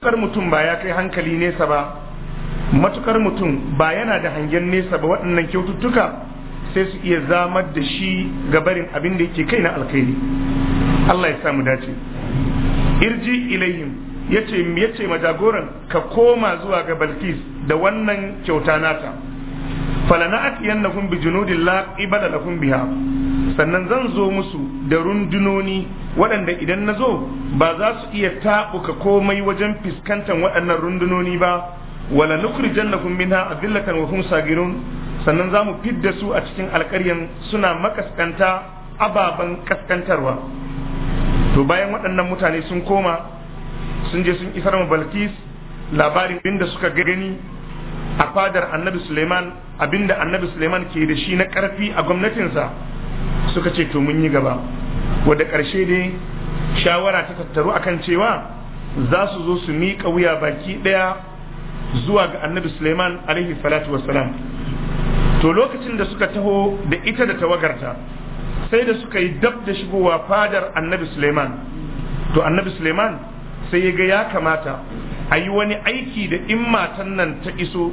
matukar mutum ba ya kai hankali nesa ba matukar mutum ba yana da hangen nesa ba waɗannan kyaututtuka sai su iya zamar da shi ga barin abin da yake kai na alkhairi Allah ya samu dace irji ilayhim yace yace majagoran ka koma zuwa ga Balkis da wannan kyauta nata falana'at bi bijunudillahi la biha sannan zan zo musu da rundunoni waɗanda idan na zo ba za su iya taɓuka komai wajen fiskantar waɗannan rundunoni ba wala janna nukhrijannakum minha adillatan wa hum sagirun sannan za mu fidda su a cikin alƙaryan suna makaskanta ababen kaskantarwa to bayan waɗannan mutane sun koma sun je sun isar ma balkis labarin inda suka gani a fadar annabi suleiman abinda annabi suleiman ke da shi na ƙarfi a gwamnatinsa suka ce to mun yi gaba wadda ƙarshe dai shawara ta tattaru akan cewa za su zo su miƙa wuya baki ɗaya zuwa ga annabi suleiman alaihi salatu wassalam to lokacin da suka taho da ita da tawagarta sai da suka yi dab da shigowa fadar annabi suleiman to annabi suleiman sai ya ga ya kamata a yi wani aiki da in matan nan ta iso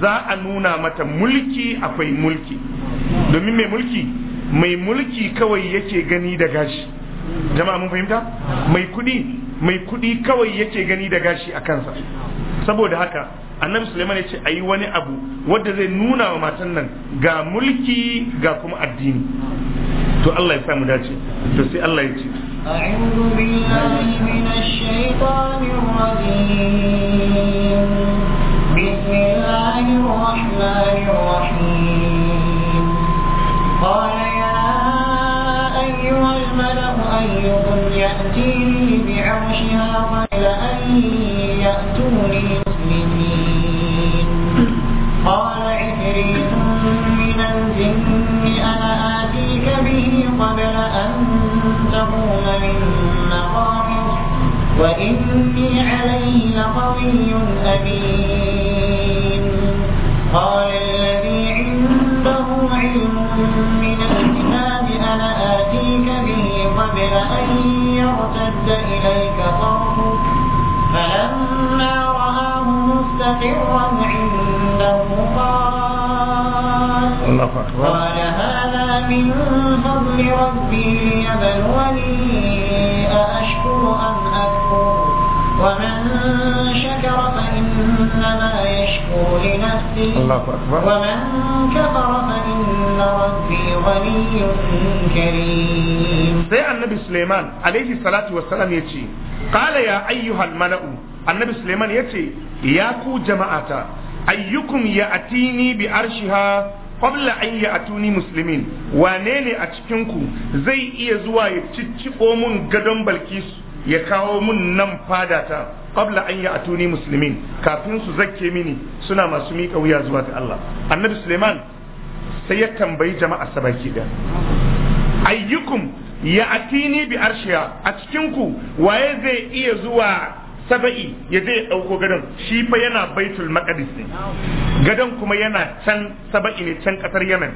za a nuna mata mulki akwai mulki domin mai mulki mai mulki kawai yake gani da gashi jama'a mun fahimta mai kudi mai kudi kawai yake gani da gashi a kansa saboda haka annabi suleiman ya ce a yi wani abu wadda zai nuna wa matan nan ga mulki ga kuma addini to Allah ya samu dace to sai Allah ya ce بسم الله الرحمن الرحيم قال والملأ أيهم يأتيني بعرشها قبل أن يأتوني مسلمين قال عفريت من الجن أنا آتيك به قبل أن تقوم من مقامك وإني عليه لقوي أمين قال الله أكبر قال هذا من فضل ربي ليبلوني أأشكر أم أكفر ومن شكر فإنما يشكر لنفسه الله أكبر ومن كفر فإن ربي غني كريم سيء النبي سليمان عليه الصلاة والسلام يتي قال يا أيها الملأ النبي سليمان يتي يا كو جماعة ayyukum ya atini bi arshiha qabla an ya'tuni muslimin wane ne a cikin ku zai iya zuwa ya cicciko mun gadon balkisu ya kawo mun nan fadata qabla an ya'tuni muslimin kafin su zakke mini suna masu miƙa wuya zuwa ta Allah annabi Suleiman sai ya tambayi jama'a sabaki da ayyukum ya atini bi arshiya a cikinku waye zai iya zuwa saba'i ya je ya ɗauko gadon shi fa yana baitul maqdis ne gadon kuma yana can saba'i ne can ƙasar yemen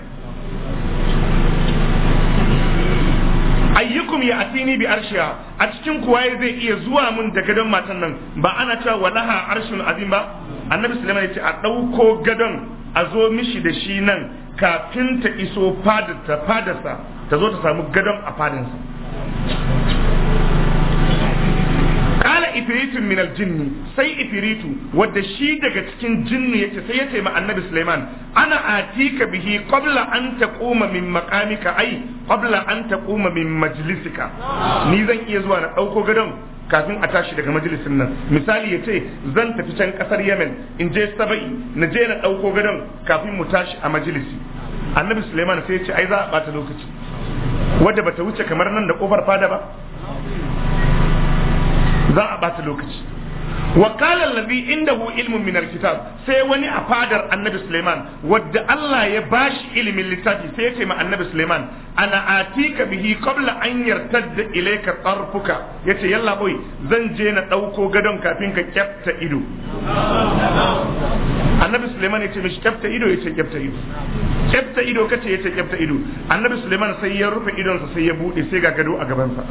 ayyukum ya asini bi arshiya a cikin kuwa zai iya zuwa mun da gadon matan nan ba ana cewa walaha arshun azim ba annabi sulaiman ya ce a ɗauko gadon a zo mishi da shi nan kafin ta iso fadarsa ta zo ta samu gadon a fadinsa ifiritun minal jinni sai ifiritu wadda shi daga cikin jinni yake sai yace ma annabi Sulaiman ana atika bihi qabla an taquma min maqamika ai qabla an taquma min majlisika ni zan iya zuwa na dauko gadon kafin a tashi daga majalisin nan misali ya ce zan tafi can kasar yemen in je saba'i na je na ɗauko gadon kafin mu tashi a majalisi annabi suleiman sai ya ce ai za a ɓata lokaci wadda bata wuce kamar nan da kofar fada ba za a bata lokaci wa qala inda hu ilmun min alkitab sai wani a fadar annabi Suleiman wadda Allah ya bashi ilimin littafi sai ya ce ma annabi Suleiman ana atika bihi qabla an yartadda ilayka tarfuka yace yalla boy zan je na ɗauko gadon kafin ka kyafta ido annabi ya ce mishi kyafta ido yace kyafta ido kyafta ido kace yace kyafta ido annabi Suleiman sai ya rufe idonsa sai ya buɗe sai ga gado a gabansa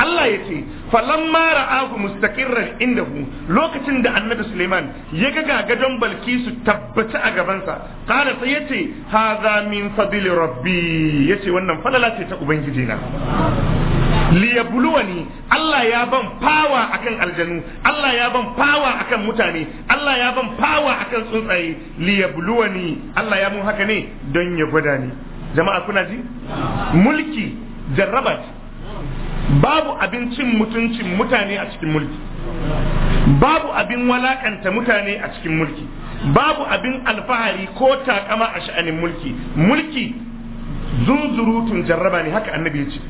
Allah ya ce falamma ra'ahu mustaqirran indahu lokacin da annabi Suleiman ya ga balki su tabbata a gabansa kana sai yace hadha min fadli rabbi yace wannan falala ce ta ubangiji na liyabluwani Allah ya ban fawa akan aljanu Allah ya ban fawa akan mutane Allah ya ban fawa akan tsuntsaye liyabluwani Allah ya mun haka ne don ya gwada ni jama'a kuna ji mulki jarrabat babu abin cin mutuncin mutane a cikin mulki babu abin walakanta mutane a cikin mulki babu abin alfahari ko takama a sha'anin mulki mulki tun jarraba ne haka annabi ya ce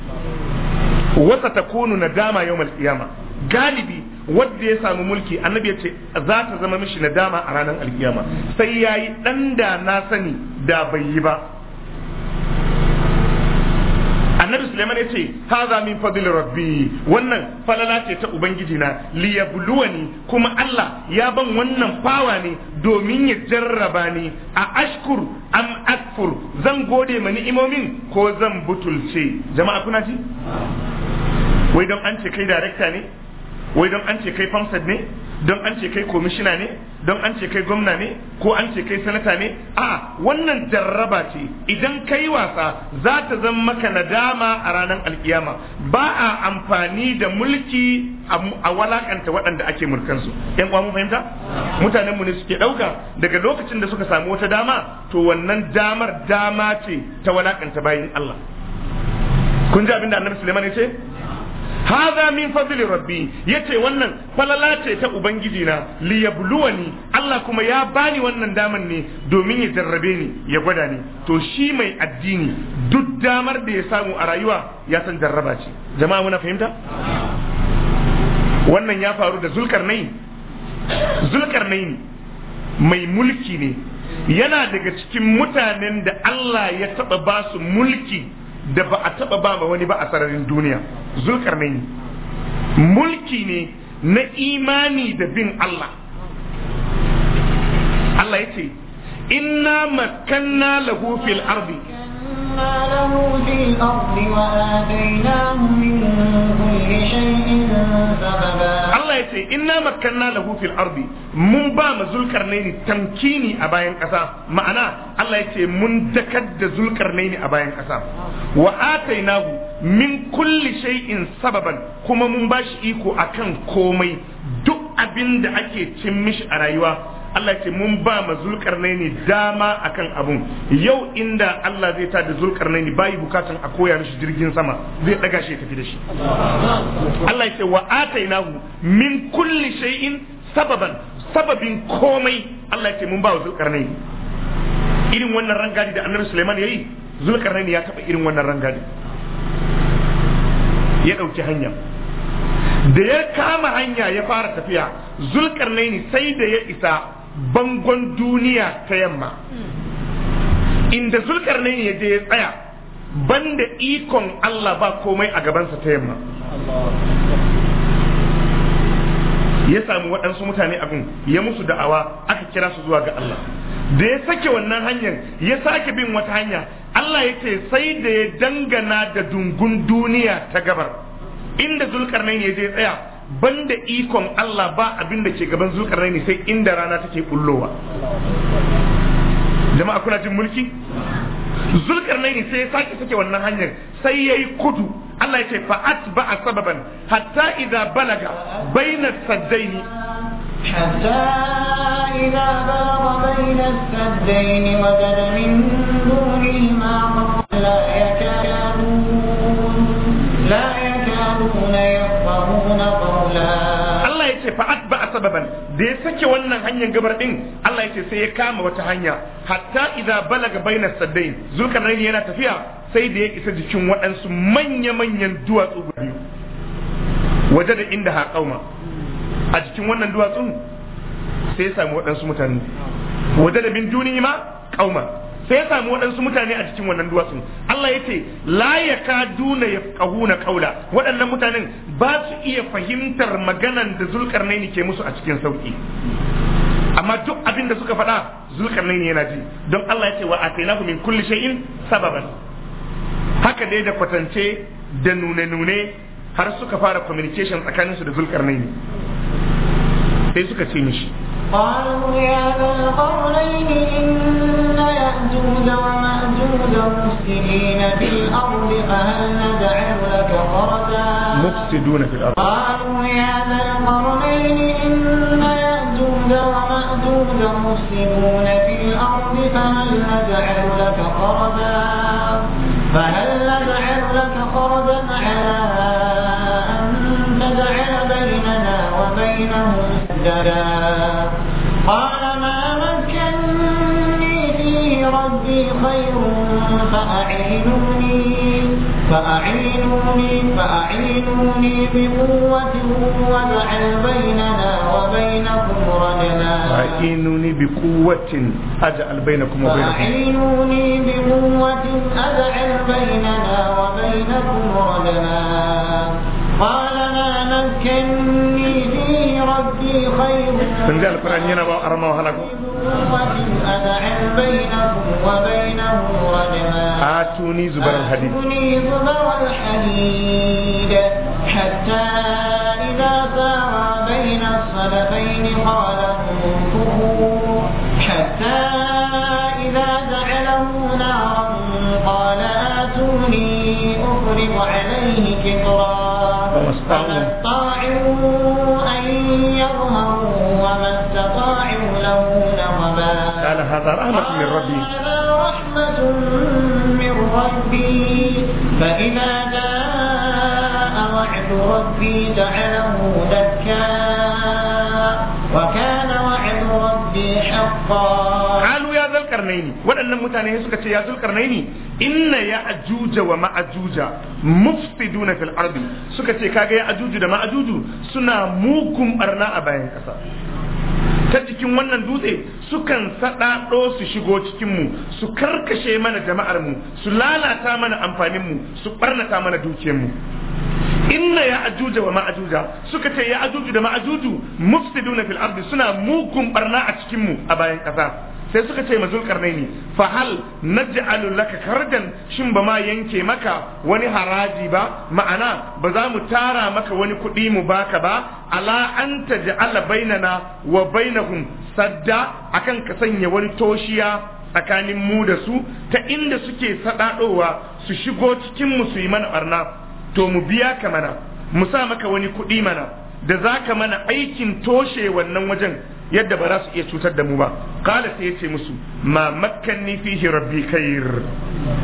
wata ta kunu na dama yau malkiyama galibi wadda ya samu mulki annabi ya ce za ta zama mishi nadama a ranar alkiyama sai ya yi ɗan da na sani da bai yi ba annabi Sulaiman ya ce haza min fadl rabbi wannan falala ce ta ubangiji na liyabluwani kuma Allah ya ban wannan fawa ne domin ya jarraba ni a ashkur am akfur zan gode ma ni'imomin ko zan butulce jama'a kuna ji wai don an ce kai darekta ne wai don an ce kai famsad ne don an ce kai komishina ne don an ce kai gwamna ne ko an ce kai sanata ne a wannan jarraba ce idan kai wasa za ta zan maka nadama a ranar alkiyama ba a amfani da mulki a walakanta waɗanda ake mulkansu yan uwa mun fahimta mutanen mu ne suke ɗauka daga lokacin da suka samu wata dama to wannan damar dama ce ta walakanta bayin Allah kun ji abin da annabi Suleiman ya ce hadha min fadli rabbi yace wannan falalace ce ta ubangiji na li yabluwani Allah kuma ya bani wannan daman ne domin ya jarrabe ni ya gwada ni to shi mai addini duk damar da ya samu a rayuwa ya san jarraba ce jama'a muna fahimta wannan ya faru da zulkarnain zulkarnain mai mulki ne yana daga cikin mutanen da Allah ya taba basu mulki da ba a taba ba ma wani ba a sararin duniya zulkarnaini mulki ne na imani da bin Allah Allah ya ce inna makanna lahu fil ardi مكنا له في الأرض وآتيناه من كل شيء سببا Allah ya ce inna makkanna lahu fil ardi mun ba ma zulkarnaini tamkini a bayan ƙasa ma'ana Allah ya ce mun dakar da zulkarnaini a bayan ƙasa wa atainahu min kulli shay'in sababan kuma mun bashi iko akan komai duk abin da ake cin mishi a rayuwa Allah ce mun ba ma zulkarnaini dama akan abun yau inda Allah zai tada naini bayi bukatan a koya mishi jirgin sama zai ɗaga shi tafi da shi Allah ce wa atainahu min kulli shay'in sababan sababin komai Allah ce mun ba wa zulkarnaini irin wannan rangadi da Annabi Sulaiman yayi zulkarnaini ya taba irin wannan rangadi ya ɗauki hanya da ya kama hanya ya fara tafiya zulkarnaini sai da ya isa bangon duniya ta yamma inda zulkarnain ya je ya tsaya banda ikon Allah ba komai a gabansa ta yamma ya samu waɗansu mutane abin ya musu da'awa aka kira su zuwa ga Allah da ya sake wannan hanyar ya sake bin wata hanya Allah ya ce sai da ya dangana da dungun duniya ta gabar inda zulkarnain ya je tsaya banda ikon Allah ba abin da ke gaban zulkarnai ne sai inda rana take bullowa jama'a kuna jin mulki zulkarnai ne sai ya sake take wannan hanyar sai yayi kudu Allah ya ce fa a sababan hatta idza balaga baina saddaini hatta إذا balaga da ya sake wannan hanyar gabar din Allah ya ce sai ya kama wata hanya hatta idza balaga baina saddain zulkarnaini yana tafiya sai da ya isa jikin waɗansu manya-manyan duwatsu guda biyu waje da inda ha kauma a jikin wannan duwatsun sai ya samu waɗansu mutane waje da bin duniya ma kauma sai ya samu waɗansu mutane a cikin wannan duwatsu. Allah ya ce la ya kaduna ya kahuna kaula waɗannan mutanen ba su iya fahimtar maganan da zulkarnaini ke musu a cikin sauki amma duk abin da suka faɗa zulkarnaini yana ji don Allah ya ce wa atainahu min kulli shay'in sababan haka dai da kwatance da nune-nune har suka fara communication tsakaninsu da zulkarnaini sai suka ce mishi قالوا يا ذا القرنين إن يأجوج ومأجوج مفسدين في الأرض فهل نجعل لك خرجا مفسدون في الأرض قالوا يا ذا القرنين إن يأجوج ومأجوج مفسدون في الأرض فهل نجعل لك خرجا فهل فأعينوني فأعينوني فأعينوني بقوة واجعل بيننا وبينكم رجلا فأعينوني بقوة أجعل بينكم وبينكم فأعينوني بقوة أجعل بيننا وبينكم رجلا قال ما مكني فيه ربي خير فنجعل القرآن ينبع أرمى وهلكم وبينه رجما آتوني زبر الحديد آتوني زبر الحديد حتى إذا ساوى بين الصدفين قال انفخوا حتى إذا جعله نارا قال آتوني أفرغ عليه كطرا فما استطاعوا أن يظهروا وما استطاعوا له على هذا رحمة من ربي هذا رحمة من ربي فإذا جاء وعد ربي جعله دكا وكان وعد ربي حقا waɗannan mutane suka ce ya zulkarnaini inna ya ajuja wa ma'ajuja mufsidu na fil'ardi suka ce kaga ya ajuju da ma'ajuju suna mugun barna a bayan ƙasa ta jikin wannan dutse sukan saɗaɗo su shigo cikinmu su karkashe mana jama'armu su lalata mana amfaninmu su ɓarnata mana dukiyarmu inna ya ajuja wa ma'ajuja suka ce ya ajuju da ma'ajuju mufsiduna fil ardi suna mugun barna a cikinmu a bayan ƙasa sai suka ce karnaini fa hal naj'alu laka karjan shin ba ma yanke maka wani haraji ba ma'ana ba za mu tara maka wani kuɗi mu baka ba ala an taj'ala bainana wa bainahum sadda akan ka sanya wani toshiya tsakanin mu da su ta inda suke sadadowa su shigo cikin mu su yi mana barna to mu biya ka mana mu sa maka wani kuɗi mana da za ka mana aikin toshe wannan wajen yadda ba za su iya cutar da mu ba kala sai ya ce musu ma makkanni fihi rabbi khair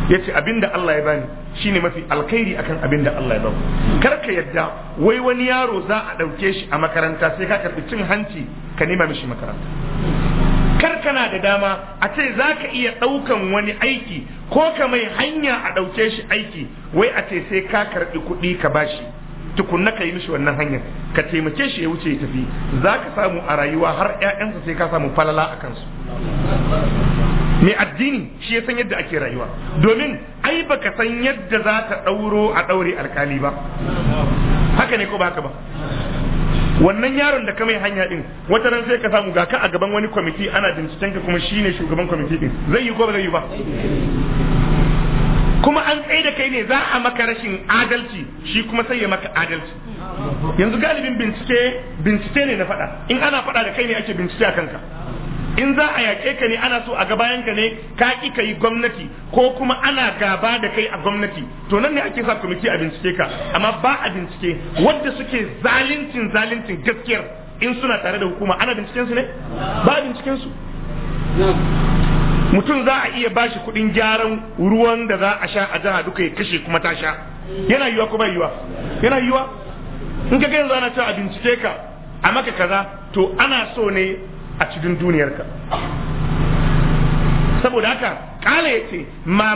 ya ce abinda Allah ya bani shine mafi alkhairi akan abinda Allah ya bani kar ka yadda wai wani yaro za a ɗauke shi a makaranta sai ka karɓi cin hanci ka nema mishi makaranta kar kana da dama a ce za ka iya ɗaukan wani aiki ko ka mai hanya a ɗauke shi aiki wai a ce sai ka karɓi kuɗi ka bashi tukunna ka yi mishi wannan hanyar ka taimake shi ya wuce ya tafi za ka samu a rayuwa har 'ya'yansa sai ka samu falala a kansu mai addini shi ya san yadda ake rayuwa domin ai ba ka san yadda za ta ɗauro a ɗaure alkali ba haka ne ko ba haka ba wannan yaron da ka mai hanya din wata ran sai ka samu ga ka a gaban wani kwamiti ana binciken ka kuma shine shugaban kwamiti din zai yi ko ba zai yi ba kuma an tsaye da kai ne za a maka rashin adalci shi kuma sai ya maka adalci yanzu galibin bincike bincike ne na faɗa in ana faɗa da kai ne ake bincike a kanka in za a yaƙe ka ne ana so a gabayan ka ne ka ƙi ka yi gwamnati ko kuma ana gaba da kai a gwamnati to nan ne ake sa kwamiti a bincike ka amma ba a bincike wanda suke zalincin zalincin gaskiyar in suna tare da hukuma ana binciken su ne ba a binciken su mutum za a iya bashi kuɗin gyaran ruwan da za a sha a jiha duka ya kashe kuma ta sha yana yiwa kuma yiwa yana yiwa in ka yanzu ana cewa a bincike ka a maka kaza to ana so ne a cikin duniyarka saboda haka kala ya ce ma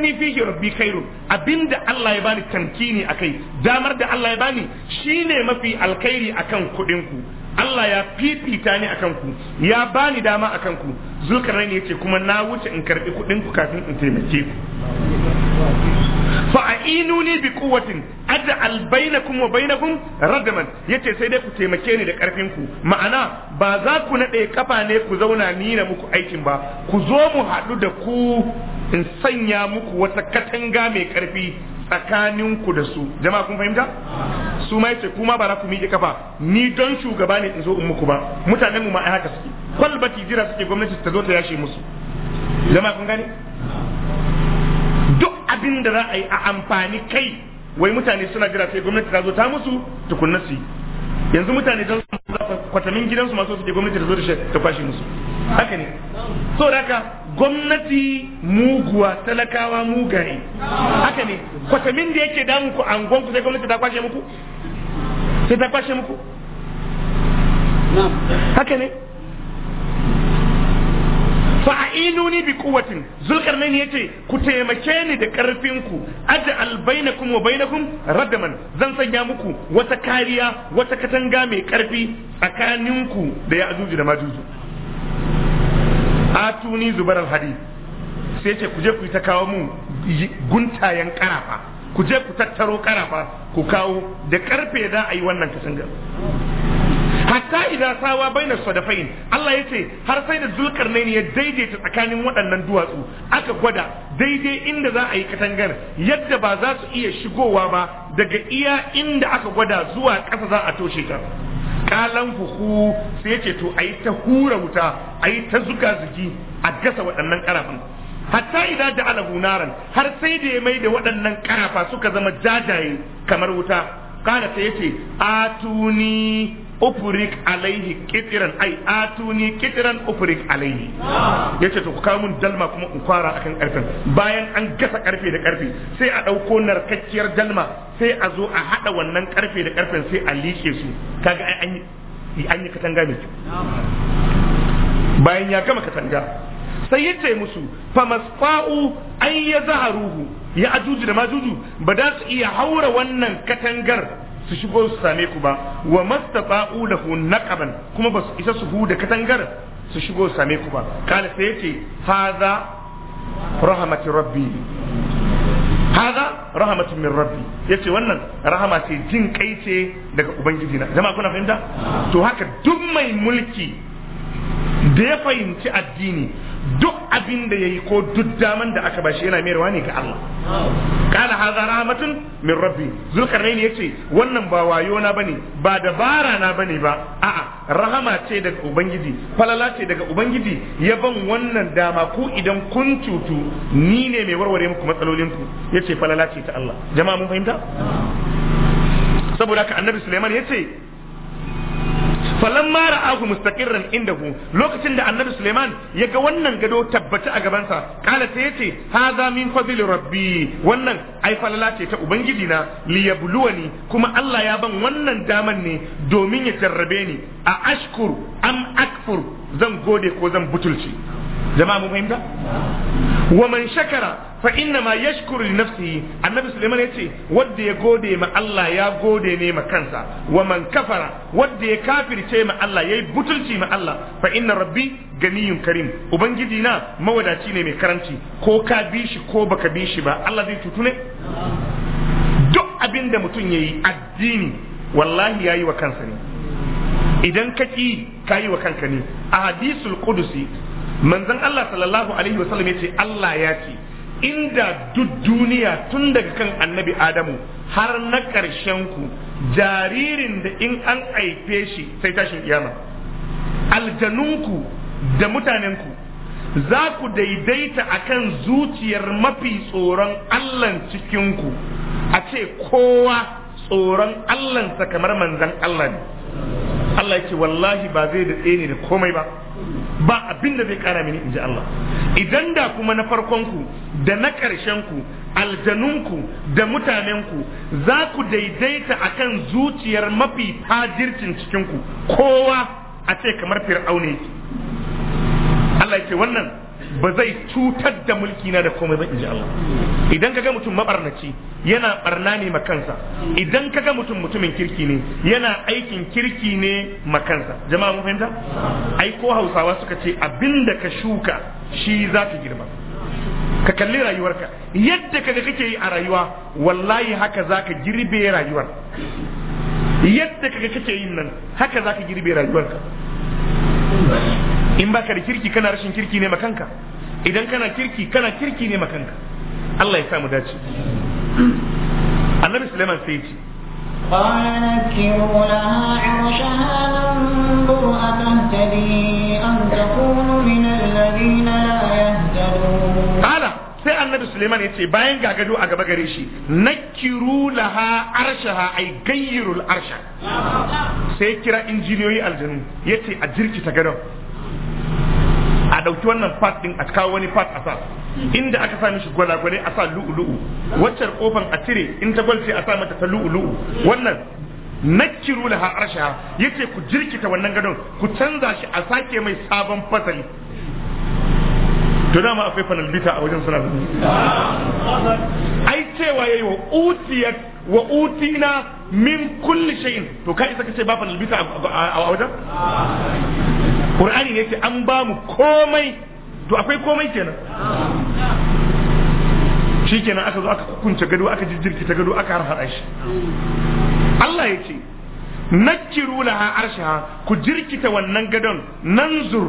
ni fi rabbi khairu abinda Allah ya bani tamkini akai damar da Allah ya bani shine mafi alkhairi akan kuɗin ku Allah ya fifita ni akan ku ya bani dama akan ku zulkarnain yace kuma na wuce in karbi kudin ku kafin in taimake ku Fa a'inuni bi quwwatin aj'al bainakum wa bainakum radman yace sai dai ku taimake ni da karfin ku ma'ana ba za ku nade kafa ne ku zauna ni na muku aikin ba ku zo mu haɗu da ku in sanya muku wata katanga mai karfi tsakaninku da su jama'a kun fahimta su ma ce kuma ba za ku miƙe kafa ni don shugaba ne in zo in muku ba mutanen mu ma ai haka suke kwalbati jira suke gwamnati ta zo ta yashe musu jama'a kun gane duk abin da za a yi a amfani kai wai mutane suna jira sai gwamnati ta zo ta musu tukunna su yanzu mutane don kwatamin gidansu masu suke gwamnati ta zo ta kwashe musu haka ne so da haka gwamnati muguwa talakawa mugaye haka ne kwatamin da yake damu ku an gwamnati sai gwamnati ta kwashe muku sai ta kwashe muku haka ne inuni bi quwwatin zulkarnain yace ku taimake ni da karfin ku aj'al bainakum wa bainakum radaman zan sanya muku wata kariya wata katanga mai karfi tsakaninku da ya da majuju atuni zubar alhadi sai ce ku je ku ta kawo mu guntayen karafa ku je ku tattaro karafa ku kawo da karfe za a yi wannan katangar hatta idza sawa baina sadafain Allah yace har sai da zulkarnain ya daidaita tsakanin waɗannan duwatsu aka gwada daidai inda za a yi katangar yadda ba za su iya shigowa ba daga iya inda aka gwada zuwa ƙasa za a toshe ta kalan fuhu sai ce to ayi ta hura wuta ayi ta zuga zugi a gasa waɗannan karafan hatta idan da ala hunaran har sai da ya mai da waɗannan ƙarafa suka zama jajaye kamar wuta kana sai yace atuni ufurik alaihi kitiran ai atuni kitiran ufurik alaihi yace to ku kawo mun dalma kuma in fara akan karfin bayan an gasa karfe da karfe sai a ɗauko narkakkiyar dalma sai a zo a haɗa wannan karfe da karfen sai a liƙe su kaga ai an an yi katanga mai kyau bayan ya gama katanga sai ya ce musu masfa'u an ya zaharuhu ya ajuju da majuju ba da su iya haura wannan katangar su shigo su same ku ba wa mastata'u da naqaban kuma ba su isa su huda katangar su shigo su same ku ba kana sai ce haza rahmatu rabbi haza rahmatun min rabbi yace wannan rahama ce jin kai ce daga ubangiji na jama'a kuna fahimta to haka duk mai mulki da ya fahimci addini duk abin da yayi ko duk daman da aka bashi yana mayarwa ne ga Allah kana haza rahmatun min rabbi zulkarnain yace wannan ba wayo na bane ba dabara na bane ba a'a rahama ce daga ubangiji falala ce daga ubangiji ya ban wannan dama ku idan kun cutu ni ne mai warware muku matsalolin ku yace falala ce ta Allah jama'a mun fahimta saboda ka annabi Sulaiman yace aku ra'ahu mustaqirran indahu lokacin da annabi Suleiman ya ga wannan gado tabbata a gabansa kala ta yace hadha min fadli rabbi wannan ai falala ce ta ubangiji na liyabluwani kuma Allah ya ban wannan daman ne domin ya jarrabe ni a ashkur am akfur zan gode ko zan butulci jama'a mun fahimta wa shakara fa inna ma yashkuru li nafsihi annabi sulaiman yace wanda ya gode ma Allah ya gode ne ma kansa waman kafara wadda ya kafirce ma Allah yayi butulci ma Allah fa inna rabbi ganiyun karim ubangiji na mawadaci ne mai karanci ko ka bi shi ko baka bi shi ba Allah zai tutu duk abinda da mutum yayi addini wallahi yayi wa kansa ne idan ka ki kayi wa kanka ne a hadisul qudusi manzon Allah sallallahu alaihi wasallam ya ce Allah ya ce inda duk duniya tun daga kan annabi Adamu har na ƙarshen ku jaririn da in an haife shi sai tashin kiyama aljanunku da mutanenku za ku daidaita akan zuciyar mafi tsoron Allahn cikinku a ce kowa tsoron Allahnsa kamar manzan Allah ne Allah ya wallahi ba zai da ni da komai ba ba abin da zai kara mini ji Allah idan da kuma na farkon ku da na ƙarshen ku aljanunku da mutanenku za ku daidaita akan zuciyar mafi fajircin cikinku kowa a ce kamar fir'aune Allah ya wannan ba zai cutar da mulki na da komai ba ji Allah idan kaga mutum mabarnaci yana barna ne makansa idan kaga mutum mutumin kirki ne yana aikin kirki ne makansa jama'a mun fahimta ai ko Hausawa suka ce abinda ka shuka shi za ka girma ka kalli rayuwarka yadda kaga kake yi a rayuwa wallahi haka za ka girbe rayuwar yadda kaga kake yin nan haka za ka girbe rayuwarka in baka da kirki kana rashin kirki ne makanka idan kana kirki kana kirki ne makanka Allah ya samu dace annabi Sulaiman sai ce قال sai annabi Suleiman ya ce bayan gagado a gaba gare shi nakiru laha arshaha ai gayyirul arsha sai kira injiniyoyi aljanu yace a ta gadon a ɗauki wannan part ɗin a kawo wani part a sa inda aka sa mishi gwalagwale a sa lu'ulu'u waccar kofan a cire in ta gwalce a sa mata ta lu'ulu'u wannan nakiru laha arsha yace ku jirkita wannan gadon ku canza shi a sake mai sabon fasali to dama akwai fanalbita a wajen sunan ai cewa yayi wa utiya wa utina min kulli shay'in to kai isa kace ba fanalbita a wajen qur'ani ne ce an ba mu komai to akwai komai kenan kenan aka zo aka kunce gado aka jijjirki ta gado aka harhara shi Allah ya ce nakiru laha arshaha ku jirkita wannan gadon nanzur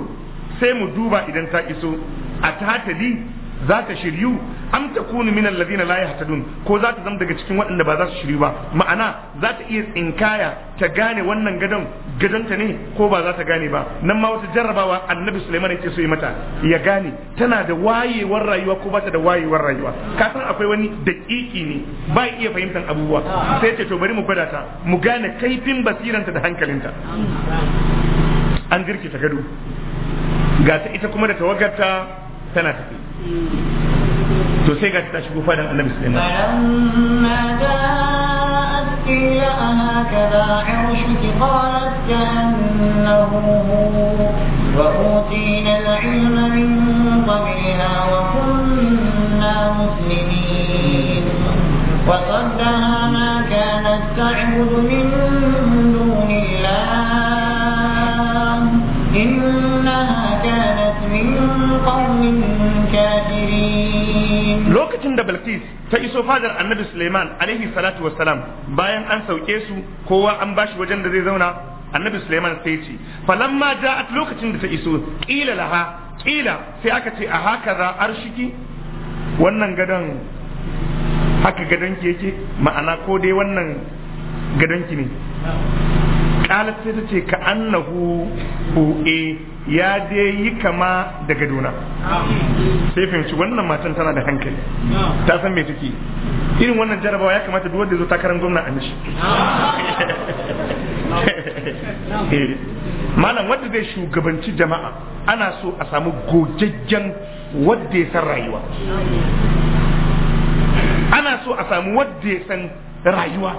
sai mu duba idan ta iso a tatali za ta shiryu am ta kunu minal ladina la yahtadun ko za ta zama daga cikin waɗanda ba za su shiryu ba ma'ana za ta iya tsinkaya ta gane wannan gadon gadonta ne ko ba za ta gane ba nan ma wata jarrabawa annabi Suleiman yace so yi mata ya gane tana da wayewar rayuwa ko ba ta da wayewar rayuwa ka san akwai wani daƙiƙi ne ba iya fahimtar abubuwa sai ce to bari mu gwada ta mu gane kaifin basiranta da hankalinta an ta gado ga ta ita kuma da tawagarta tana tafi to sai ga ta shigo fadan annabi sulaiman falamma ja'at qila ana kaza arshuki qalat ka'annahu wa utina al-ilma min qabliha wa kunna muslimin وصدها ما كانت تعبد من دون الله إنها كانت lokacin da Balkis ta iso fadar Annabi Suleiman alaihi salatu wassalam bayan an sauke su kowa an bashi wajen da zai zauna annabi Suleiman sai ce falamma ja'at lokacin da ta iso kila laha kila sai aka ce a haka za arshiki wannan gadon haka gadon ki yake ma'ana ko dai wannan gadon ki ne qalat sai ta ce ka annahu hu'e ya je yi kama da gaduna sai fahimci wannan matan tana da hankali ta san me take irin wannan jarabawa ya kamata duk wanda zo takarar gwamna a mishi eh. malam wanda zai shugabanci jama'a ana so a samu gojajjen wadda ya san rayuwa ana so a samu wadda ya san rayuwa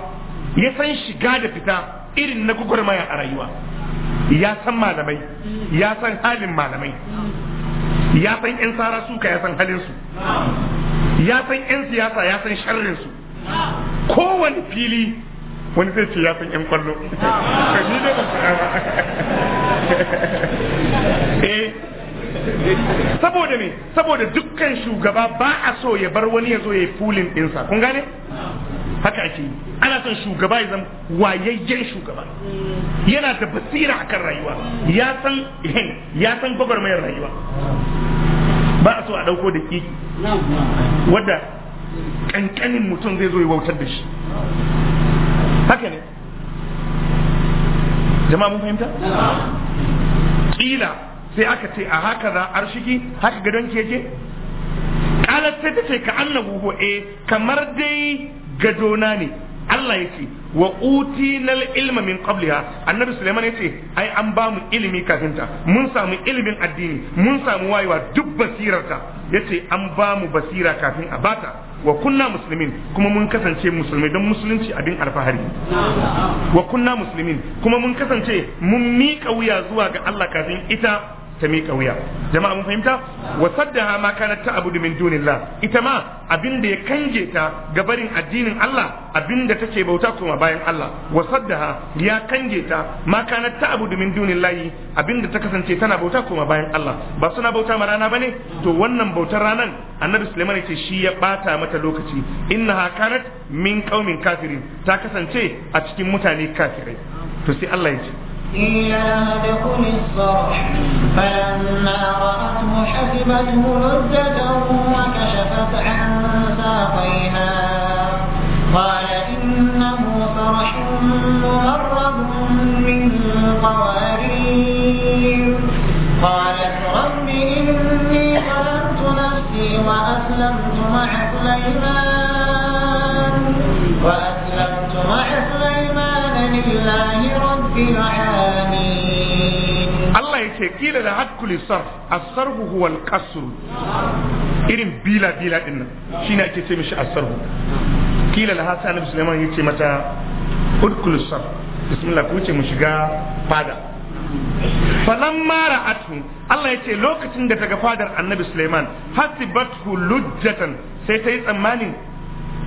ya san shiga da fita irin na gwagwarmaya a rayuwa ya san malamai ya san halin malamai ya san yan sara suka ya san halin su ya san yan siyasa ya san sharrin su kowane fili wani zai ce ya san yan kwallo ba eh, saboda me saboda dukkan shugaba ba a so ya bar wani ya zo ya yi fulin dinsa, kun gane haka ake yi ana son shugaba ya zama wayayyen shugaba yana da basira akan rayuwa ya san ya san gwagwarmayar rayuwa ba a so a ɗauko da ke wadda ƙanƙanin mutum zai zo ya wautar da shi haka ne jama'a mun fahimta ƙila sai aka ce a haka za arshiki haka gadon keke ƙalar sai ta ce ka annahu eh kamar dai gadona ne Allah ya ce wa nal ilma min qabliha annabi Sulaiman ya ce ai an ba mu ilimi kafinta mun samu ilimin addini mun samu wayewa duk basirarta ya ce an ba mu basira kafin a bata wa kunna muslimin kuma mun kasance musulmai don musulunci abin alfahari wa kunna muslimin kuma mun kasance mun miƙa wuya zuwa ga Allah kafin ita ta miƙa wuya jama'a mun fahimta wa saddaha ma kanat ta'budu min dunillah ita ma abinda ya kange ta ga barin addinin Allah abinda take bauta kuma bayan Allah wa saddaha ya kange ta ma kanat ta'budu min dunillah abin ta kasance tana bauta kuma bayan Allah ba suna bauta ma rana bane to wannan bautar ranan annabi Sulaiman yace shi ya bata mata lokaci innaha kanat min qaumin kafirin ta kasance a cikin mutane kafirai to sai Allah ya ce لها دخل الصرح فلما رأته حسبته لجة وكشفت عن ساقيها قال إنه صرح مهرب من قوارير قالت رب إني ظلمت نفسي وأسلمت مع سليمان وأسلمت مع سليمان لله رب العالمين ce kila da hatkuli sarf as-sarfu huwa al-qasr irin bila bila din nan shine ake ce mishi as-sarfu kila da hasan ibn Sulaiman yace mata udkul sarf bismillah ku ce mu shiga fada falan mara atu Allah ya ce lokacin da ta ga fadar annabi Sulaiman hasibatu lujjatan sai ta yi tsammanin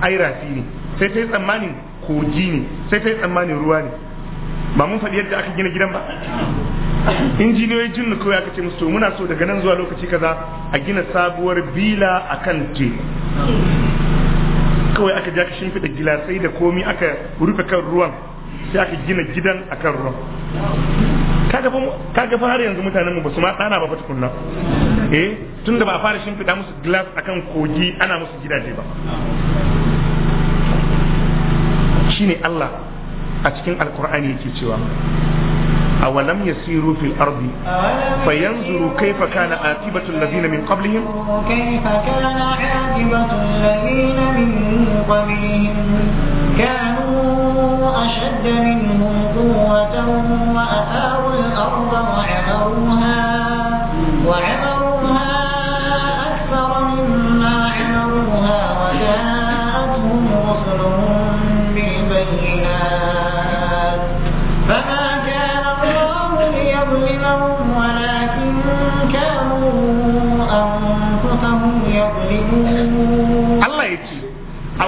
ai rafi ne sai ta yi tsammanin kogi ne sai ta yi tsammanin ruwa ne ba mun faɗi yadda aka gina gidan ba injiniyoyin na kawai aka ce musu to muna so daga nan zuwa lokaci kaza a gina sabuwar bila a kan teku kawai aka ja ka da gilasai da komi aka rufe kan ruwan sai aka gina gidan a kan ruwan kaga fa har yanzu mutanen mu ba su ma tsana ba fatukunna eh tun da ba a fara shimfiɗa musu glass akan kogi ana musu gidaje ba shine Allah a cikin alkur'ani yake cewa أولم يسيروا في الأرض فينظروا كيف كان عاقبة الذين من قبلهم كيف كان عاقبة الذين من قبلهم كانوا أشد منهم قوة وأثاروا الأرض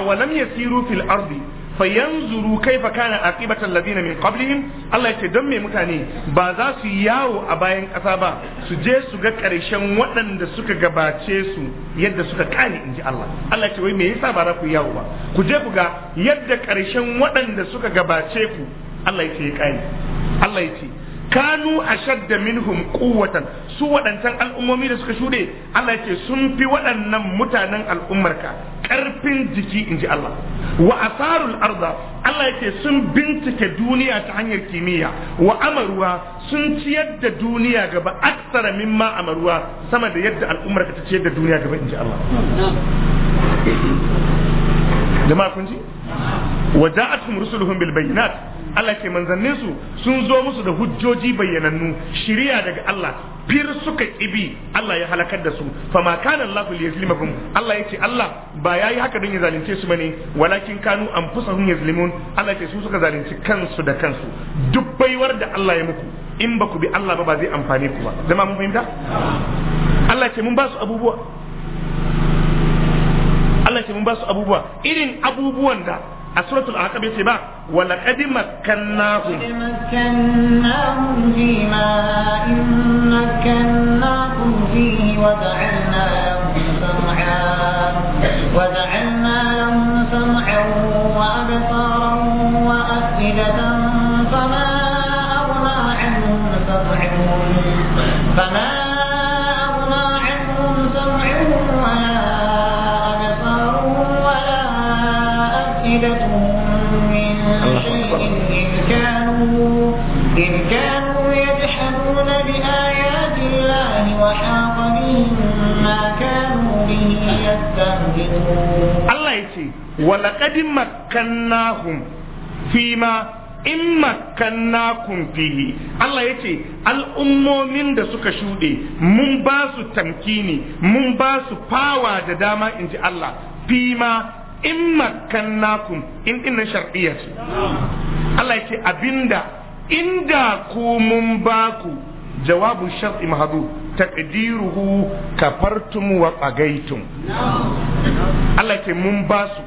awalam yasiru fil ardi fayanzuru kaifa kana aqibatal ladina min qablihim Allah yace dan me mutane ba za su yawo a bayan ƙasa ba su je su ga karshen waɗanda suka gabace su yadda suka kani inji Allah Allah yace wai me yasa ba za ku yawo ba ku je ku ga yadda ƙarshen waɗanda suka gabace ku Allah yace ya kani Allah yace kanu ashadda minhum quwwatan su waɗancan al'ummomi da suka shuɗe Allah yace sun fi waɗannan mutanen al'ummarka karfin jiki inji Allah wa asarul arda Allah yake sun bincike duniya ta hanyar kimiyya wa amaruwa sun ciyar da duniya gaba aksara mimma amaruwa sama da yadda al'ummar ta ciyar da duniya gaba inji Allah jama'a kun ji wa ja'atuhum rusuluhum bil bayyinat Allah ce manzannin su sun zo musu da hujjoji bayyanannu shiriya daga Allah fir suka kibi Allah ya halakar da su fama kana Allah li yuzlimakum Allah yace Allah ba yayi haka don ya zalunce su bane walakin kanu anfusahum yuzlimun Allah yace su suka zalunci kansu da kansu duk baiwar da Allah ya muku in ba ku bi Allah ba ba zai amfane ku ba zama mun fahimta Allah yace mun ba su abubuwa Allah ce mun ba su abubuwa irin abubuwan da a suratul ahqab yace ba wala qad makkannahum makkannahum fi ma in makkannahum fihi wa ja'alna lahum sam'an wa ja'alna lahum sam'an wa absaran wa afidatan fama aghna anhum sam'uhum fama ولقد مكناهم فيما in makanna kun fihi Allah ya ce al'ummomin da suka shuɗe mun ba su tamkini mun ba su fawa da dama in ji Allah fima in kun in ɗin shar'iyya ce Allah ya ce abinda inda ku mun ba ku jawabu shar'i mahadu taqdiruhu kafartum wa ɓagaitun. Allah ya ce mun ba su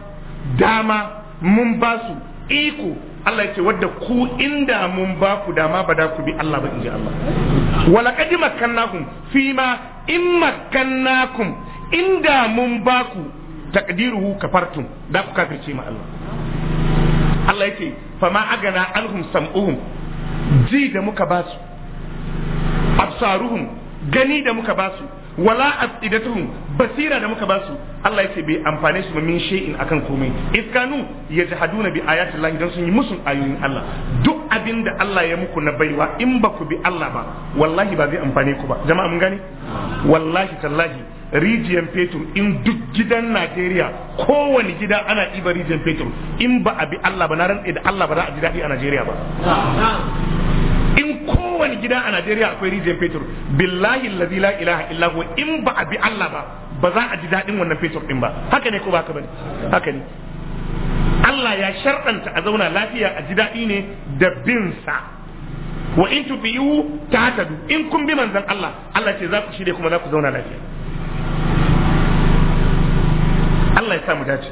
dama mun ba su iko Allah ya wadda ku inda mun ba ku dama ba da ku bi Allah ba inji ji Allah wala kadi makkannakum fi ma in makannakum inda mun ba ku takdiruhu kafartum da ku kafirce ma Allah Allah ya ce fama agana alhum sam'uhum ji da muka ba su absaruhum gani da muka ba su wala afidatuhum basira da muka basu Allah yace bai amfane su min shay'in akan komai iskanu yajhaduna bi ayati Allah dan sun yi musun ayoyin Allah duk abin da Allah ya muku na baiwa in ba ku bi Allah ba wallahi ba zai amfane ku ba jama'a mun gane wallahi tallahi rijiyar fetur in duk gidan Najeriya kowane gida ana iba rijiyar fetur in ba a bi Allah ba na rantse da Allah ba za a ji daɗi a Najeriya ba kowane gida a Najeriya akwai rijiyar fetur billahi allazi la ilaha illa huwa in ba a bi Allah ba ba za a ji daɗin wannan fetur ɗin ba haka ne ko ba haka bane haka ne Allah ya sharɗanta a zauna lafiya a ji daɗi ne da bin sa wa in tubiyu tahtadu in kun bi manzon Allah Allah ce za ku shirye kuma za ku zauna lafiya Allah ya sa mu dace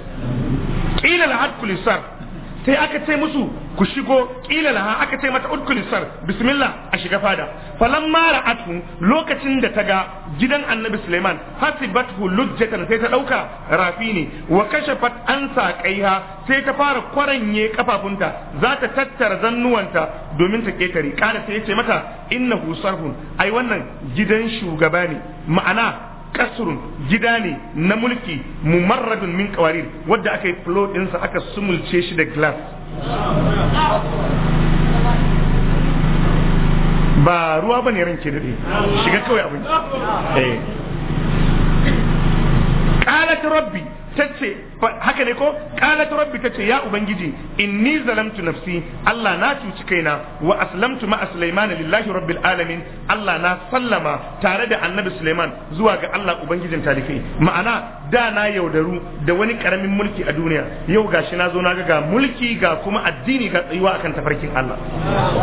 qila al-hadku lisar sai aka ce musu ku shigo kila laha aka ce mata udkulisar bismillah a shiga fada mara ra'atu lokacin da ta ga gidan annabi suleiman hasibathu lujjatan sai ta dauka rafi ne wa kashafat an saqaiha sai ta fara kwaranye kafafunta za ta tattara zannuwanta domin ta ketare kana sai ya ce mata innahu sarhun ai wannan gidan shugaba ne ma'ana kasurun gida ne na mulki mumarradun min kawarir wadda aka yi flo ɗinsa aka sumulce shi da glass ba ruwa ba ne ranke daɗe shiga kawai abin ƙalat eh. rabbi tace haka ne ko qalat rabbi tace ya ubangiji inni zalamtu nafsi Allah na cuci kaina wa aslamtu ma Sulaiman lillahi rabbil alamin Allah na sallama tare da annabi Sulaiman zuwa ga Allah ubangijin talifi ma'ana da na yaudaru da wani karamin mulki a duniya yau gashi na zo na ga mulki ga kuma addini ga tsayuwa akan tafarkin Allah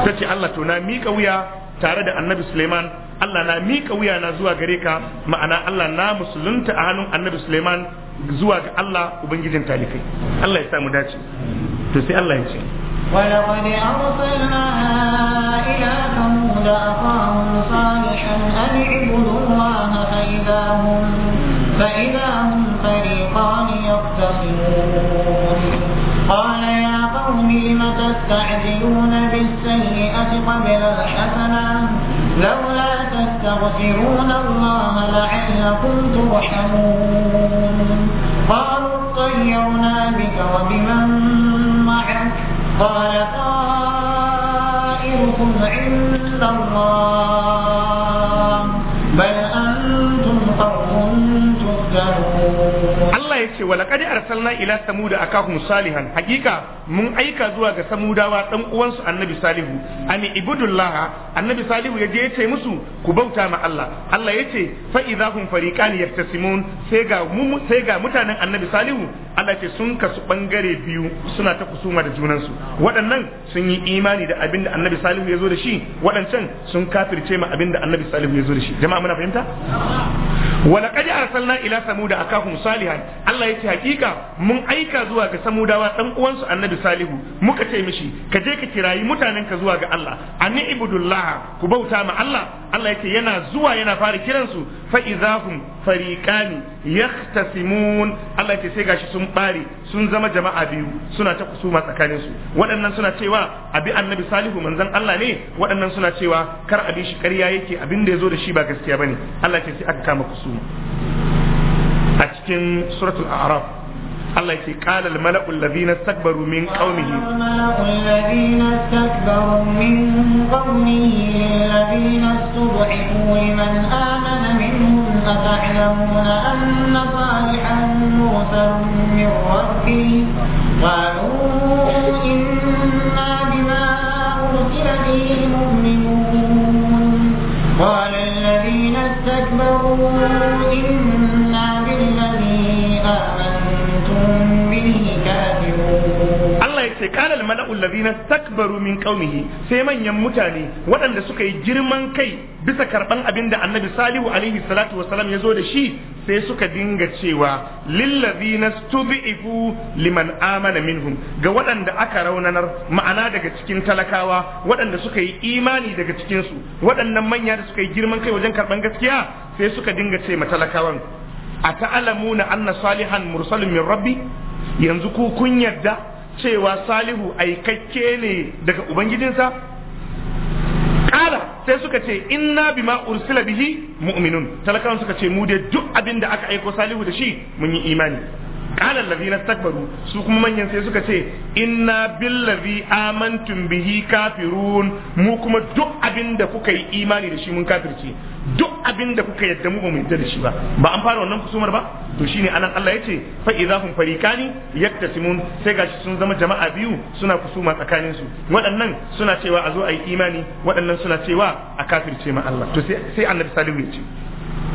tace Allah to na mika wuya tare da annabi Sulaiman Allah na mika wuya na zuwa gare ka ma'ana Allah na musulunta a hannun annabi Suleiman zuwa ga Allah ubangijin talikai Allah ya samu dace to sai Allah ya ce ولقد أرسلنا إلى ثمود أخاهم صالحا أن اعبدوا الله فإذا هم فإذا هم فريقان يختصمون قال يا قوم لم تستعجلون بالسيئة قبل الحسنة تستغفرون الله لعلكم ترحمون قالوا اطيرنا بك وبمن معك قال طائركم عند الله walaqad arsalna ila a akahum salihan hakika mun aika zuwa ga samudawa dan uwansu annabi salihu ani ibudullah annabi salihu ya ya yace musu ku bauta ma Allah Allah yace fa idahum fariqan yaftasimun sai ga sai ga mutanen annabi salihu Allah ce sun kasu bangare biyu suna ta kusuma da junansu waɗannan sun yi imani da abin da annabi salihu ya zo da shi waɗancan sun kafirce ma abin da annabi salihu ya zo da shi jama'a muna fahimta wala qad arsalna ila samud akahum salihan Allah yace hakika mun aika zuwa ga samudawa dan uwansu annabi salihu muka ce mishi ka je ka kirayi mutanen ka zuwa ga Allah ani ibudullah ku bauta ma Allah Allah yace yana zuwa yana fara kiransu fa'izahum fariqani yahtasimun Allah ce sai gashi sun bare sun zama jama'a biyu suna ta kusuma tsakanin su waɗannan suna cewa abi annabi salihu manzon Allah ne waɗannan suna cewa kar abi shi ƙarya yake abin da yazo da shi ba gaskiya bane Allah ce sai aka kama kusuma a cikin suratul a'raf الله يتي قال الملأ الذين استكبروا من قومه الملأ الذين استكبروا من قومه الذين استضعفوا لمن آمن منهم أتعلمون أن صالحا مرسل من ربه قالوا إنا بما أرسل به مؤمنون قال الذين استكبروا إنا yace kana al-mala'u allazina takbaru min qaumihi sai manyan mutane waɗanda suka yi girman kai bisa karban abin da annabi salihu alaihi salatu wasalam ya zo da shi sai suka dinga cewa lillazina stubi'ifu liman amana minhum ga waɗanda aka raunanar ma'ana daga cikin talakawa waɗanda suka yi imani daga cikin su waɗannan manya da suka yi girman kai wajen karban gaskiya sai suka dinga ce ma talakawan a ta'alamuna anna salihan mursalun min rabbi yanzu ku kun yadda cewa salihu aikakke ne daga ubangijinsa kala sai suka ce inna bima ursila bihi mu'minun talakawan suka ce mu da duk abin da aka aiko salihu da shi mun yi imani qala na istakbaru su kuma manyan sai suka ce inna billazi amantum bihi kafirun mu kuma duk abin da kuka yi imani da shi mun kafirce duk abin da kuka yadda mu ba mu yadda da shi ba ba an fara wannan kusumar ba to shine anan Allah yace fa kani farikani yaktasimun sai gashi sun zama jama'a biyu suna kusuma tsakanin su waɗannan suna cewa a zo a yi imani waɗannan suna cewa a kafirce ma Allah to sai annabi salihu ya ce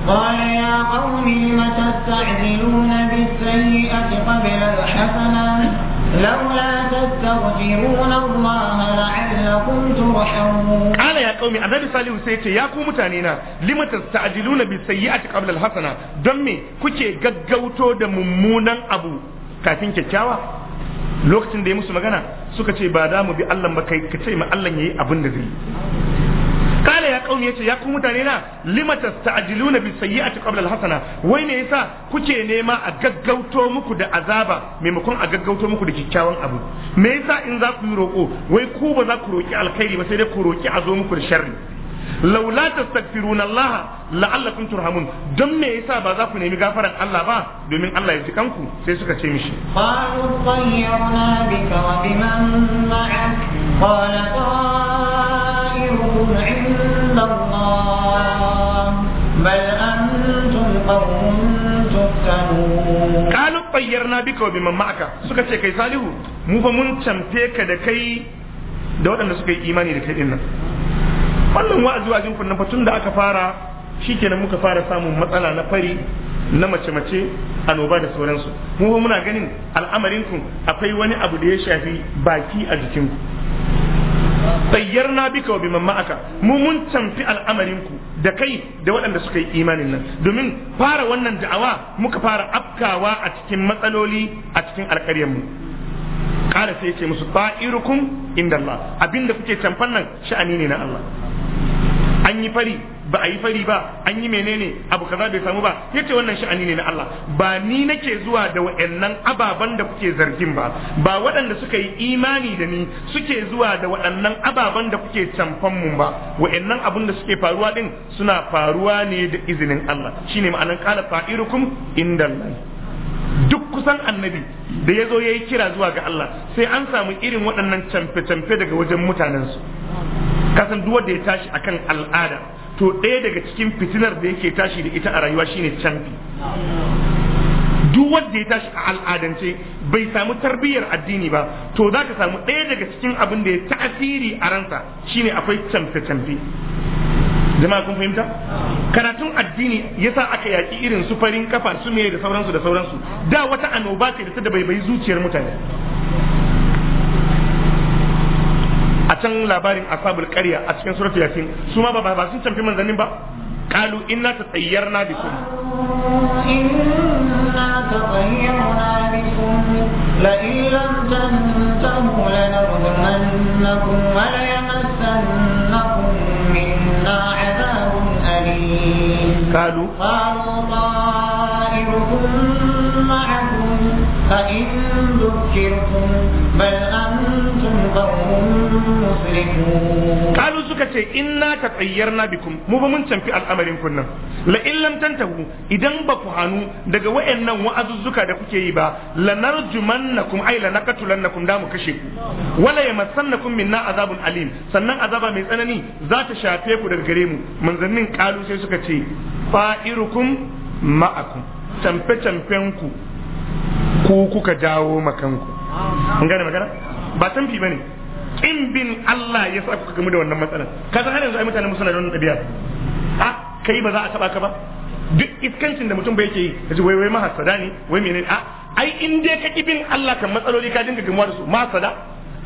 قال يا قوم لم تستعجلون بالسيئة قبل الحسنة لولا تستغفرون الله لعلكم ترحمون قال يا قوم النبي صالح sai ce ya ku mutane na lima tasta'jiluna bi sayyi'ati qabla al-hasana don me kuke gaggauto da lokacin da ya musu magana suka ce ba za mu bi Allah ba kai ka ce ma Allah yayi abin da zai qaumi yace ya ku mutane na lima tasta'jiluna bi sayyi'ati qabla al hasana wai me yasa kuke nema a gaggauto muku da azaba maimakon a gaggauto muku da kikkiawan abu me yasa in za ku yi roko wai ku ba za ku roki alkhairi ba sai dai ku roki a zo muku da sharri laula tastaghfiruna Allah la'allakum turhamun don me yasa ba za ku nemi gafaran Allah ba domin Allah ya ji kanku sai suka ce mishi qalu tayyarna bika wa biman ma'ak qala tayyirun 'inda Allah bal antum qawmun tuftanun qalu tayyarna bika wa biman ma'aka suka ce kai salihu mu fa mun camfe ka da kai da waɗanda suka yi imani da kai dinnan wannan wa'azi wajin kunnan fa tun da aka fara shikenan muka fara samun matsala na fari na mace-mace annoba da sauransu mu muna ganin al'amarin al'amarinku akwai wani abu da ya shafi baki a jikinku na bika wa biman ma'aka mu mun canfi ku da kai da waɗanda suka yi imanin nan domin fara wannan da'awa muka fara afkawa a cikin matsaloli a cikin mu. ƙara sai ce musu ba'irukum inda Allah abinda kuke canfan nan sha'ani ne na Allah an yi fari ba a yi fari ba an yi menene abu kaza bai samu ba yace wannan sha'ani ne na Allah ba ni nake zuwa da waɗannan ababan da kuke zargin ba ba waɗanda suka yi imani da ni suke zuwa da waɗannan ababan da kuke canfan mun ba wayannan abun da suke faruwa din suna faruwa ne da izinin Allah shine ma'anan qala fa'irukum indan. duk kusan annabi da ya zo ya kira zuwa ga Allah sai an samu irin waɗannan tamfe camfe daga wajen mutanensu kasan duk wanda ya tashi akan al'ada to ɗaya daga cikin fitinar da yake tashi da ita a rayuwa shine canfi duk wanda ya tashi a al'adance bai samu tarbiyyar addini ba to za ka samu ɗaya daga cikin abin da ya ta'asiri a ransa shine akwai canfe-canfe jama'a kun fahimta karatun addini yasa aka yaki irin su farin kafa su me da sauransu da sauransu da wata annoba ce da ta da bai zuciyar mutane a can labarin asabul karya a cikin suratu yasin su ma ba ba sun tafi manzannin ba kalu inna ta tsayyar na bi kalu kalu suka ce inna ta tsayyar na biku mu ba mun canfi al'amarin kunnan la illam tantahu idan ba ku hanu daga wayannan wa'azuzzuka da kuke yi ba la narjuman nakum ay la nakatul nakum da mu kashe ku wala yamassanakum minna azabin alim sannan azaba mai tsanani za ta shafe ku daga gare mu manzannin kalu sai suka ce fa'irukum ma'akum tanfe tanfen ku ko kuka dawo makanku An gane magana ba san fi bane in bin Allah ya sa kuka gamu da wannan matsalar ka san har yanzu ai mutanen musulmai da wannan a kai ba za a taba ka ba duk iskancin da mutum bai yake yi kaji wai wai mahasada ne wai menene a ai in dai ka bin Allah kan matsaloli ka dinga gamuwa da su mahasada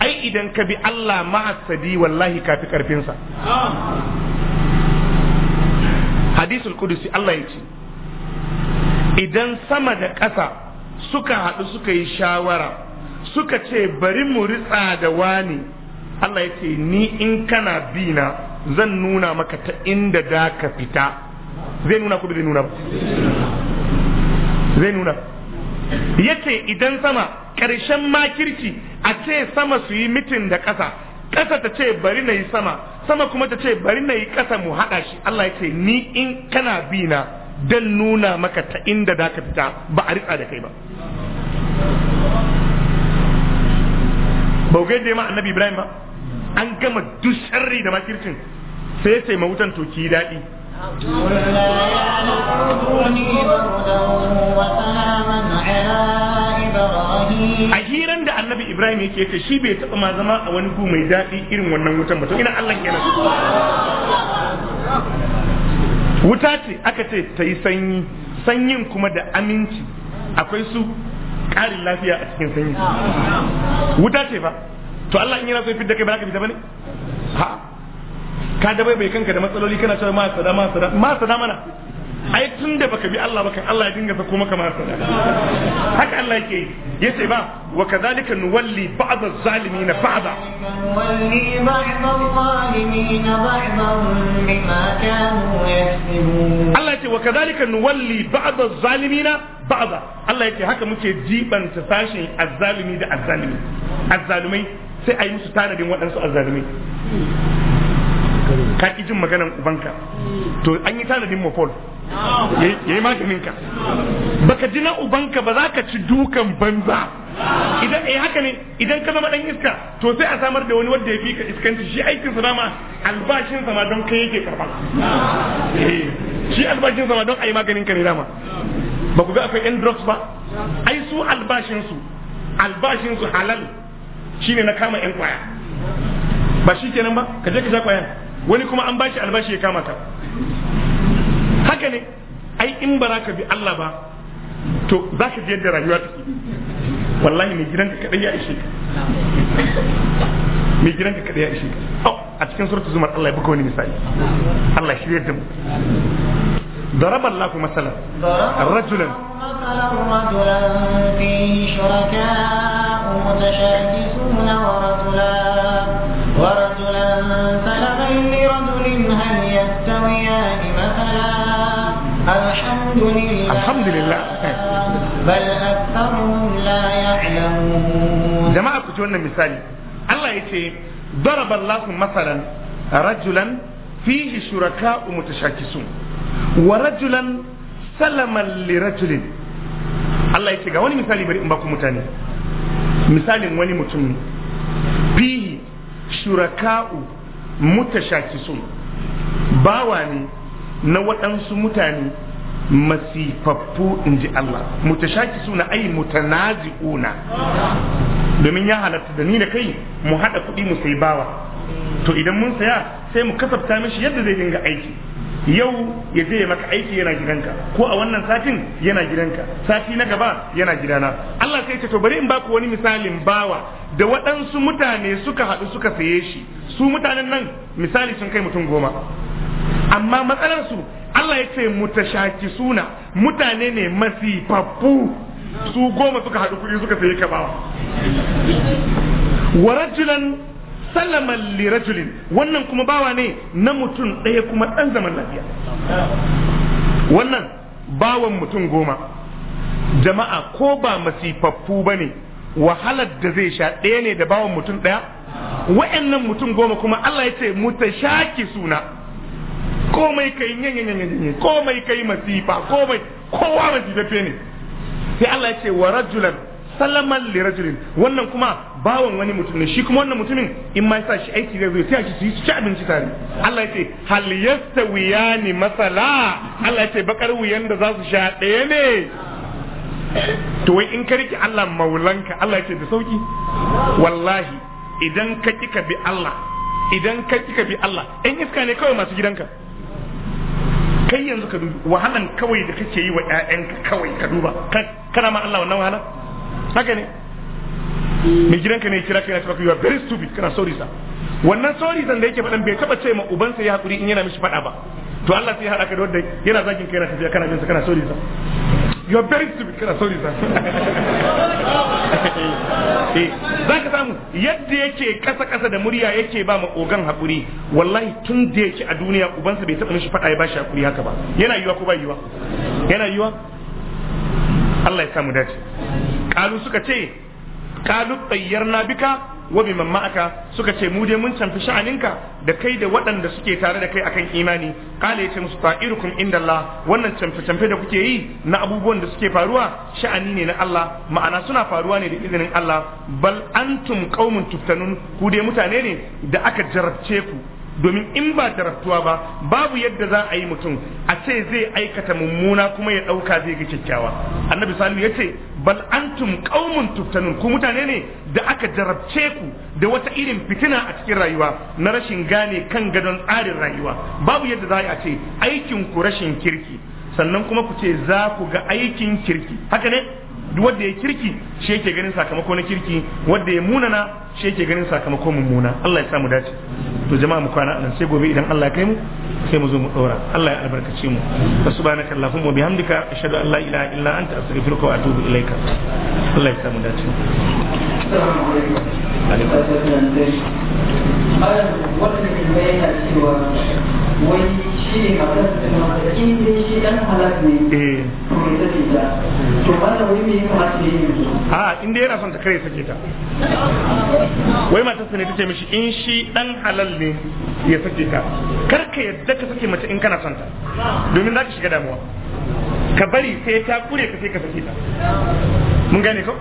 ai idan ka bi Allah mahasadi wallahi ka fi karfin sa hadisul qudusi Allah ya ce idan sama da ƙasa suka haɗu suka yi shawara suka ce bari mu ritsa da wani Allah ya ce ni in kana bina zan nuna maka ta inda da ka fita zai nuna ku zai nuna ba zai nuna ya ce idan sama ƙarshen makirci a ce sama su yi mitin da ƙasa ƙasa ta ce bari na yi sama sama kuma ta ce bari na yi ƙasa mu haɗa shi Allah ya ce ni in kana bina dan nuna maka ta inda da ka fita ba a ritsa da kai ba ba ku yadda ma annabi ibrahim ba an gama duk sharri da makircin sai sai ma wutan to ki a hiran da annabi ibrahim yake ce shi bai taɓa ma zama a wani gu mai daɗi irin wannan wutan ba to ina allah kenan wuta ce aka ce ta yi sanyi sanyin kuma da aminci akwai su ƙarin lafiya a cikin sanyi wuta ce fa to Allah in yana so fidda kai ba ka fita bane ha ka dabai bai kanka da matsaloli kana cewa ma sada ma sada ma sada mana ai tun da baka bi Allah baka Allah ya dinga sako maka masa haka Allah yake yace ba wa kadhalika nuwalli ba'd az-zalimin ba'da walli ba'd az-zalimin ba'dan bima kanu yasbun Allah yace wa kadhalika nuwalli ba'd az-zalimin ba'da Allah yake haka muke jibanta sashin az-zalimi da az-zalimi az-zalimai sai ayi musu tanadin waɗansu az-zalimai ka ki jin maganan ubanka to an yi tanadin mafol yayi maganin ka baka ji na ubanka ba za ka ci dukan banza idan eh haka ne idan ka zama dan iska to sai a samar da wani wanda ya fi ka iskanci shi aikin sa dama albashin sa ma don kai yake karba eh, shi albashin sa ma don ayi maganin ka ne dama ba ku ga akwai yan drugs ba ai su albashin su albashin su halal shine na kama yan kwaya ba shi kenan ba ka je ka sha kwayan wani kuma an bashi albashi ya kama ka haka ne ai in ba za ka bi Allah ba to za ka ji yadda rayuwa take wallahi mai gidanka kadai ya ishe ka mai gidanka kadai ya ishe ka a cikin suratul zumar Allah ya buga wani misali Allah ya shirye da mu ضرب الله مثلا رجلا رجلا فيه شركاء متشاكسون ورجلان الحمد لله الحمد لله بل أكثرهم لا يعلمون جماعة كتبنا مثال الله يتي ضرب الله مثلا رجلا فيه شركاء متشاكسون ورجلا سلما لرجل Allah ya ce ga wani misali bari in baku mutane misalin wani mutum ne fihi shuraka'u mutashakisun bawa ne na waɗansu mutane masifaffu in ji Allah mutashaki suna ai una domin ya halatta da ni da kai mu haɗa kuɗi mu sai bawa to idan mun saya sai mu kasafta mishi yadda zai dinga aiki yau ya je ya maka aiki yana gidanka ko a wannan satin yana gidanka sati na gaba yana gidana Allah sai ce to bari in baku wani misalin bawa da waɗansu mutane suka haɗu suka saye shi su mutanen nan misali sun kai mutum goma amma matsalarsu Allah ya ce mutashaki suna mutane ne masifaffu su goma suka haɗu kuɗi suka sayi kabawa wa rajulan sallaman li rajulin wannan kuma bawa ne na mutum ɗaya kuma ɗan zaman lafiya wannan bawan mutum goma jama'a ko ba masifaffu ba ne wahalar da zai sha ɗaya ne da bawan mutum ɗaya wa'annan mutum goma kuma Allah ya ce mutashaki suna komai kai nyanyanyanyanyi komai kai masifa komai kowa masifaffe ne sai Allah ya ce wa rajulan salaman li rajulin wannan kuma bawan wani mutum ne shi kuma wannan mutumin in ma sa shi aiki zai zo sai shi su ci abinci tare Allah ya ce hal yastawiyani masala Allah ya ce bakar wuyan da za su sha ɗaya ne to wai in ka riki Allah maulanka Allah ya ce da sauki wallahi idan ka kika bi Allah idan ka kika bi Allah ɗan iska ne kawai masu gidanka kai yanzu ka dubi wahalan kawai da kake yi wa ƴaƴanka kawai ka duba kana ma Allah wannan wahala haka ne mai gidanka ne kira kai na cewa you are very stupid kana sorry sa wannan sorry zan da yake faɗan bai taba ce ma ubansa ya hakuri in yana mishi faɗa ba to Allah sai ya haɗa ka da wanda yana zagin kai na tafiya kana jinsa kana sorry sa you are very stupid kana sorry sa Eh, za ka samu yadda yake kasa kasa da murya yake ba ma ogan haƙuri, wallahi tun da yake a duniya ubansa bai taɓa mishi faɗa ya bashi haƙuri haka ba yana yiwa ko ba yiwa yana yiwa Allah ya samu dace kalu suka ce kalu tsayyar na bika wabi biman ma'aka suka ce mu dai mun canfi sha'aninka da kai da waɗanda suke tare da kai akan imani ya ce musu fa'irukum inda Allah wannan canfe canfe da kuke yi na abubuwan da suke faruwa sha'ani ne na Allah ma'ana suna faruwa ne da izinin Allah bal antum qaumun tuftanun ku dai mutane ne da aka jarabce ku domin in ba jarabtuwa ba babu yadda za a yi mutum a ce zai aikata mummuna kuma ya ɗauka zai ga kyakkyawa annabi salihu ya ce bal antum qaumun tuftanun ku mutane ne da aka jarabce ku da wata irin fitina a cikin rayuwa na rashin gane kan gadon tsarin rayuwa babu yadda za a ce aikin ku rashin kirki sannan kuma ku ce za ku ga aikin kirki haka ne wanda ya kirki shi yake ganin sakamako na kirki wanda ya munana shi yake ganin sakamako mummuna Allah ya samu dace to jama'a mu kwana nan sai gobe idan Allah ya kai mu sai mu zo mu daura Allah ya albarkace mu wa subhanaka allahumma bihamdika ashhadu an la ilaha illa anta astaghfiruka wa atubu ilaika Allah ya samu dace wai shi ne shi dan halak ne eh. sake ta to malam a inda yana son ta kare sake ta wai matarsa ne ta ce mishi in shi dan halal ne ya sake ka kar ka yadda ka sake mace in kana son ta domin za ka shiga damuwa ka bari sai ta kure ka sai ka sake ta mun gane ko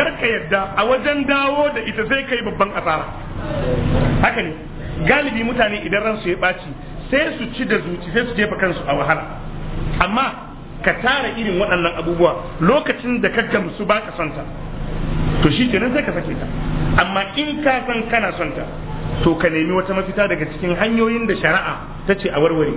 kar ka yadda a wajen dawo da ita sai kai babban asara haka ne galibi mutane idan ransu ya ɓaci sai su ci da zuci sai su jefa kansu a wahala amma ka tara irin waɗannan abubuwa lokacin da ka gamsu ba ka santa to shi kenan sai ka sake ta amma in ka san kana santa to ka nemi wata mafita daga cikin hanyoyin da shari'a ta ce a warware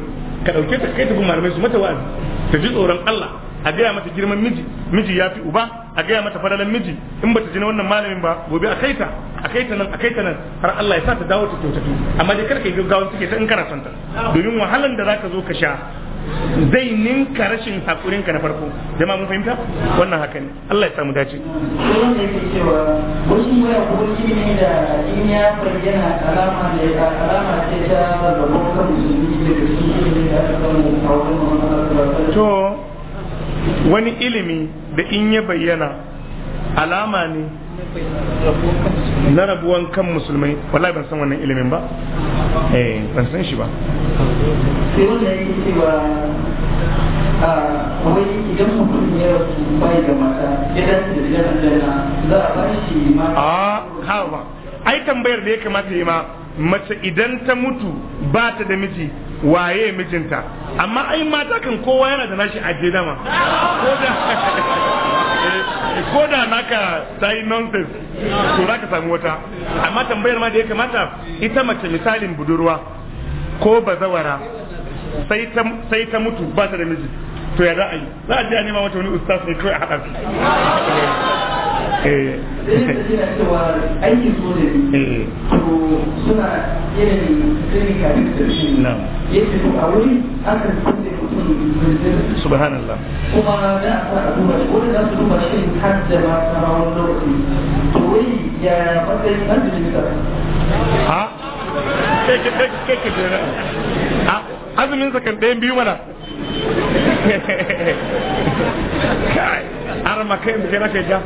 ka ɗauke ta kai ta bin malamai su mata wa'azi ta ji tsoron Allah a gaya mata girman miji miji ya fi uba a gaya mata fadalan miji in bata ji na wannan malamin ba gobe a kai ta a kai ta nan a kai ta nan har Allah ya sa ta dawo ta kyautatu amma dai ka yi gaggawa suke ta in kana santa. domin wahalan da zaka zo ka sha zai ninka rashin haƙurinka na farko ma mun fahimta wannan haka ne Allah ya samu dace to wani ilimi da in ya bayyana alama ne na rabuwan kan musulmai wallahi ban san wannan ilimin ba eh ban san shi ba sai wanda yake cewa a wai idan mutum ya rasu bai da mata ya dace da gidan za a ba shi mata a ha ai tambayar da ya kamata yi ma mace idan ta mutu ba ta da miji waye mijinta amma ai mata kan kowa yana da nashi a dama ko da ko da naka ta yi nonsense to za ka samu wata amma tambayar ma da ya kamata ita mace misalin budurwa ko bazawara sai ta mutu ba ta da miji to ya za a yi za a je a nema wata wani ustaz ne kawai a haɗa eh aikin suna ya da ha ha azumin sakan ɗayan biyu mana kai arma kai mu kai na kai ja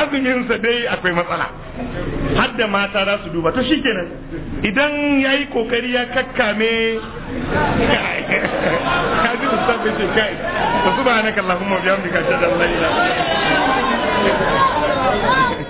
azuminsa dai akwai matsala hadda mata za su duba to shikenan idan ya yi kokari ya kakkame kaji ustaz bai ce kai wa subhanaka allahumma bihamdika ashhadu la ilaha illa anta